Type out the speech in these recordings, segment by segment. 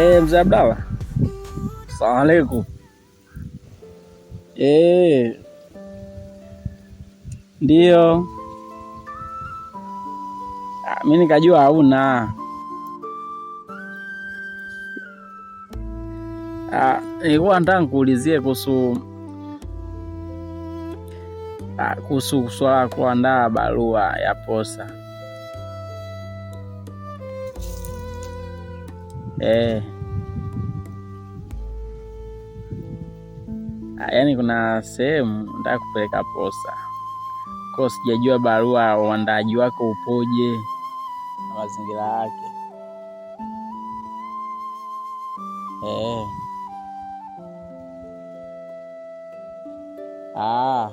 Eh, mzee Abdalla. Salamu alaykum. Eh. Ndio. Ah, mimi nikajua hauna. Ah, nilikuwa nataka nikuulizie kuhusu ah, kuhusu swala kuandaa barua ya posa. Eh. yani kuna sehemu nataka kupeleka posa kwao, sijajua barua uandaaji wako upoje na mazingira yake Eh. Ah.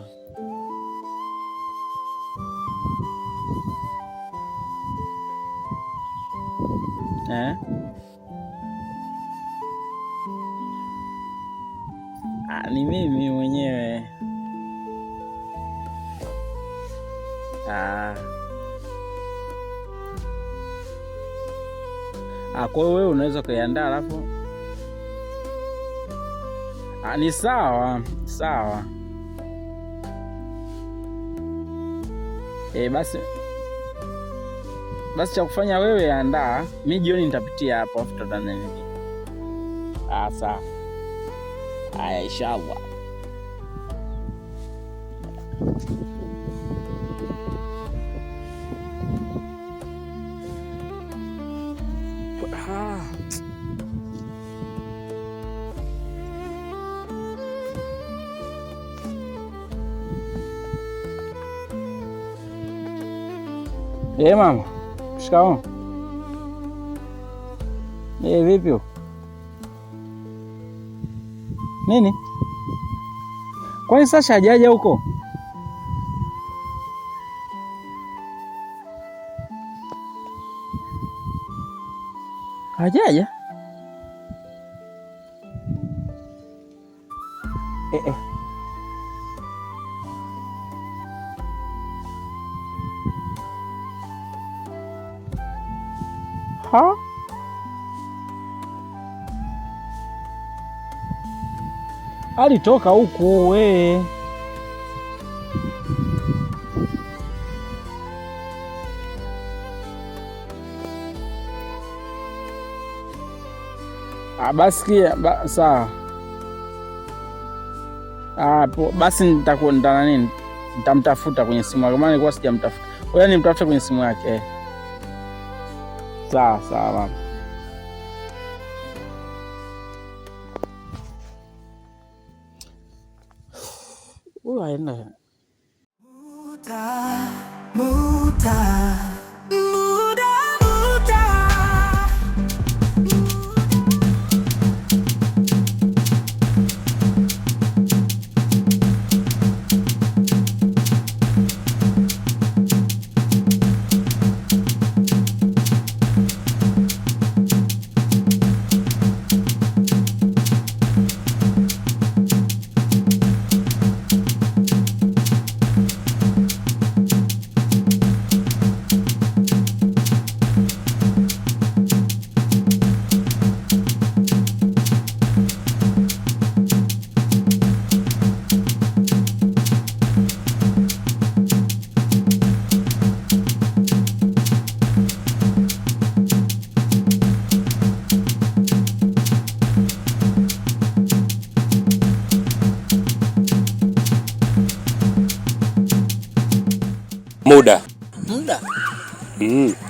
eh? ni mimi mwenyewe. Ah. ah. kwa hiyo wewe unaweza kuiandaa alafu. Ah, ni sawa sawa. E, basi basi, cha kufanya wewe andaa, mi jioni nitapitia hapo afu tutanini. Ah, sawa. Ai, Jaguar. Ah. E aí, mano? Buscar um? E aí, viu? Nini? Kwani Sasha hajaja huko? Hajaja? alitoka huku wee. Ah, basi ba, sawa ah, basi, nitakuonana nini, nitamtafuta kwenye simu yake, maana nilikuwa sijamtafuta. Wewe nimtafute kwenye simu yake. Eh. Sawa sawa mama. Muta, Muta. 嗯。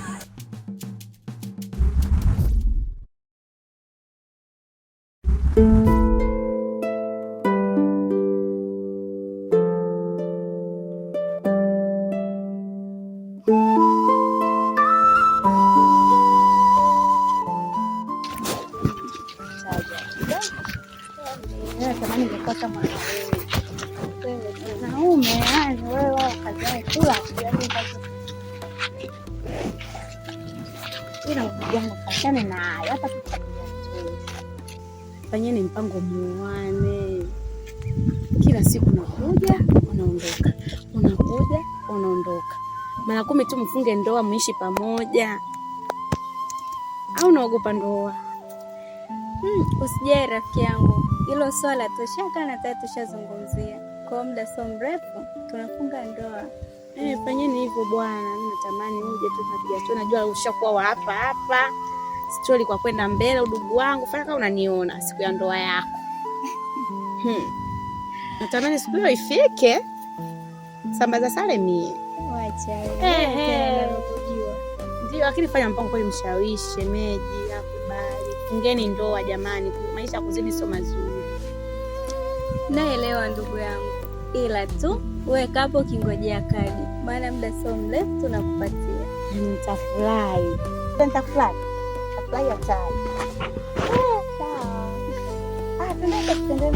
unakuja unaondoka. Mara kumi tu mfunge ndoa muishi pamoja, au unaogopa ndoa? Hmm, usijae rafiki yangu, hilo swala tushaka na tayari tushazungumzia. Kwa muda sio mrefu tunafunga ndoa. Hey, eh, fanyeni hivyo bwana, mimi natamani uje tu tunapiga tu, najua ushakuwa wa hapa hapa stori kwa kwenda mbele, udugu wangu, fanya kama unaniona siku ya ndoa yako. Hmm. Natamani siku hiyo ifike sambaza sare mie ndio, lakini fanya mpango kweli, mshawishe meji akubali, fungeni ndoa jamani, maisha kuzidi sio mazuri. Naelewa ndugu yangu, ila tu weka hapo, kingojea kadi, maana muda sio mrefu tunakupatia. Nitafurahi, nitafurahi, nitafurahi hatari eh,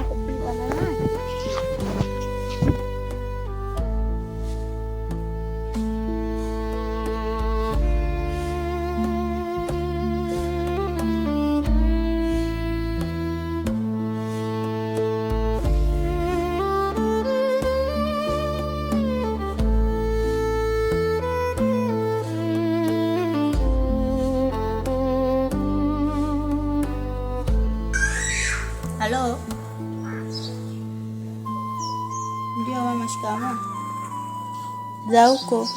Halo. Ndio mama, shikamoo. Za huko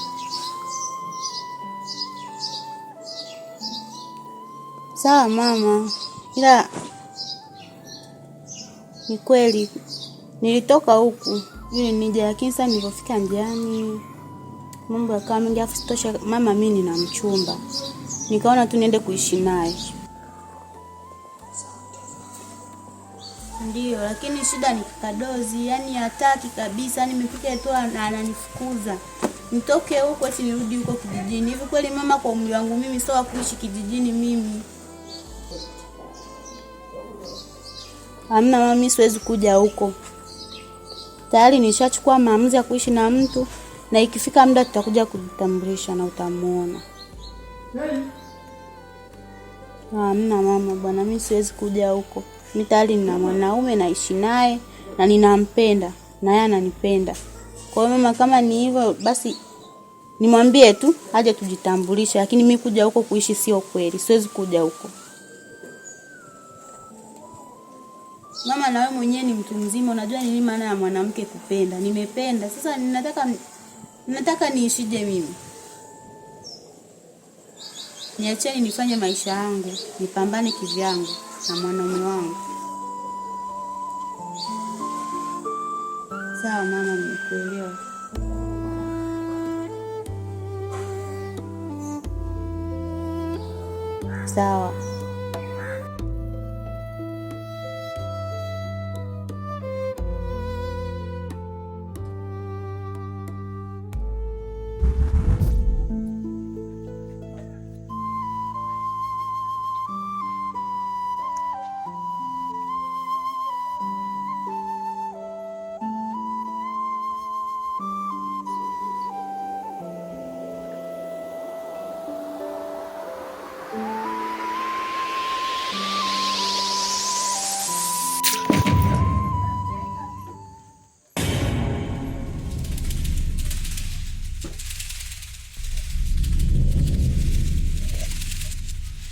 sawa mama, ila ni kweli nilitoka huku ili nija lakini sasa nilipofika njiani mambo yakawa mengi, afu sitosha mama, mimi nina mchumba, nikaona tu niende kuishi naye. Ndiyo, lakini shida ni kakadozi, yani hataki kabisa, yaani mipike tu na ananifukuza nitoke huko eti nirudi huko kijijini. Hivi kweli mama, kwa umri wangu mimi sawa kuishi kijijini mimi? Hamna mama, mimi siwezi kuja huko, tayari nishachukua maamuzi ya kuishi na mtu, na ikifika muda tutakuja kujitambulisha na utamwona. Hamna mama bwana, mimi siwezi kuja huko mi tayari nina mwanaume naishi naye na ninampenda na yeye ananipenda. Kwa hiyo mama, kama ni hivyo basi nimwambie tu aje tujitambulishe, lakini mi kuja huko kuishi sio kweli, siwezi kuja huko. Mama, na wewe mwenyewe ni mtu mzima, unajua nini maana ya mwanamke kupenda. Nimependa sasa, ninataka nataka niishije mimi? Niacheni nifanye maisha yangu, nipambane kivyangu na mwanaume wangu. Sawa mama, nimekuelewa. Sawa.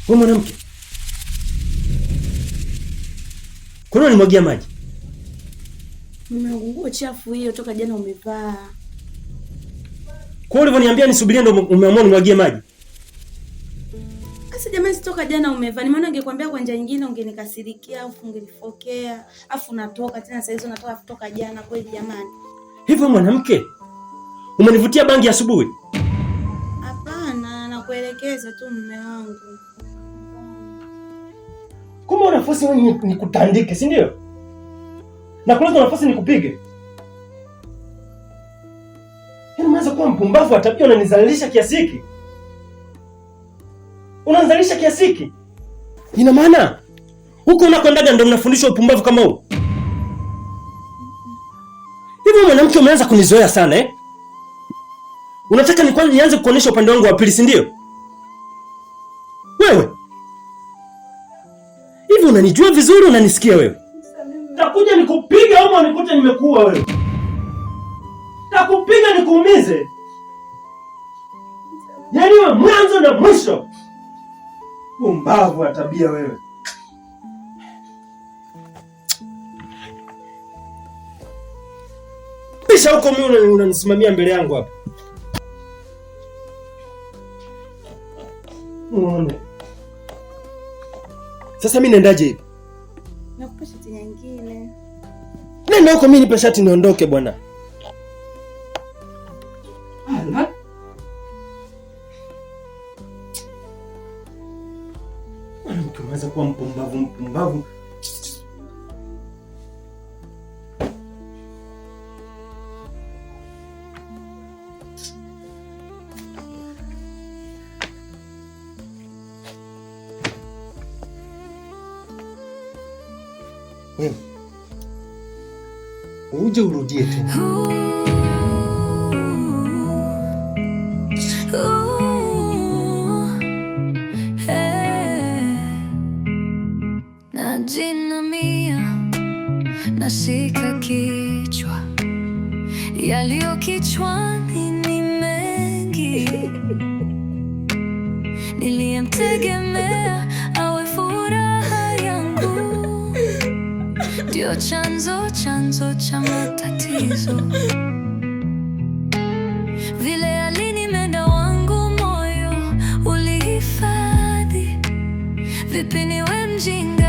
Wewe mwanamke, kuna nimwagia maji nguo chafu hiyo toka jana umevaa. Kwa ulivyoniambia nisubirie ndo umeamua nimwagie maji. Sasa jamani, sitoka jana umevaa. Ni maana ungekwambia kwa njia nyingine ungenikasirikia au ungenifokea. Afu natoka tena sasa hizo natoka kutoka jana kweli jamani. Hivyo mwanamke, umenivutia bangi asubuhi? Hapana, nakuelekeza tu mume wangu. Kumbe nafasi wewe nikutandike, si ndio? Na kuleta nafasi nikupige. Yaani umeanza kuwa mpumbavu wa tabia, unanizalilisha kiasi hiki. Unanizalilisha kiasi hiki. Ina maana huko ndaga ndio mnafundishwa upumbavu kama huu. Hivi mwanamke umeanza kunizoea sana eh? Unataka nianze kukuonesha upande wangu wa pili, si ndio? Wewe hivi unanijua vizuri, unanisikia wewe? Takuja nikupiga au nikute nimekuwa wewe. Takupiga nikuumize. Yaani wewe mwanzo na mwisho. umbavu wa tabia wewe. Pisha huko mimi unanisimamia mbele yangu hapa. Sasa mimi naendaje hivi? Nakupa shati nyingine. Nenda huko mimi nipe shati niondoke bwana. Mtu anaweza kuwa mpumbavu mpumbavu. uje urudie tu. Eh, najinamia, nashika kichwa, yaliyo kichwani ni mengi niliyemtegemea ndio chanzo chanzo cha matatizo. Vile alinimenda wangu moyo ulihifadhi, vipi we mjinga?